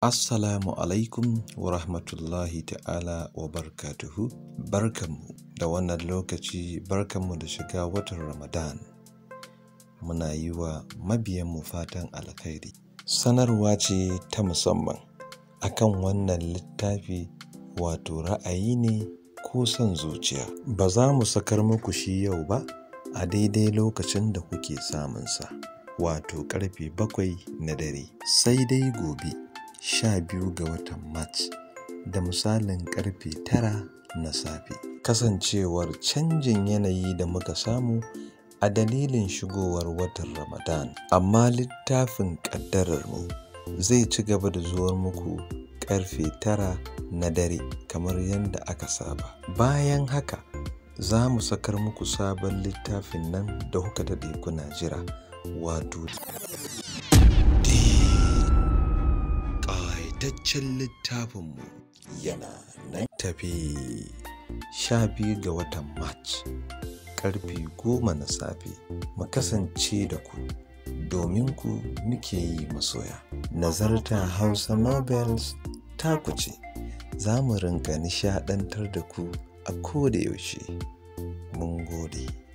Assalamu alaikum wa rahmatullahi ta'ala wa barkatuhu. Barkanmu da wannan lokaci barkanmu da shiga watan Ramadan. Muna yi wa mabiyanmu fatan alkhairi. Sanarwa ce ta musamman akan wannan littafi wato ra'ayi ne ko son zuciya. Ba za mu sakar muku shi yau ba a daidai lokacin da kuke samunsa wato karfe bakwai na dare sai dai gobe. 12 ga watan Mac da misalin karfe 9 na safe. Kasancewar canjin yanayi da muka samu a dalilin shigowar watan Ramadan, amma littafin ƙaddararmu zai ci gaba da zuwar muku ƙarfe tara na dare kamar yadda aka saba. Bayan haka, za mu sakar muku sabon littafin nan da kuka da kuna jira, wato. littafin littafinmu yana nan tafi sha biyu ga watan march karfe goma na safe mu kasance da ku domin ku muke yi masoya nazarta hausa nobels ta kuce za mu rinka nishadantar da ku a koda yaushe mun gode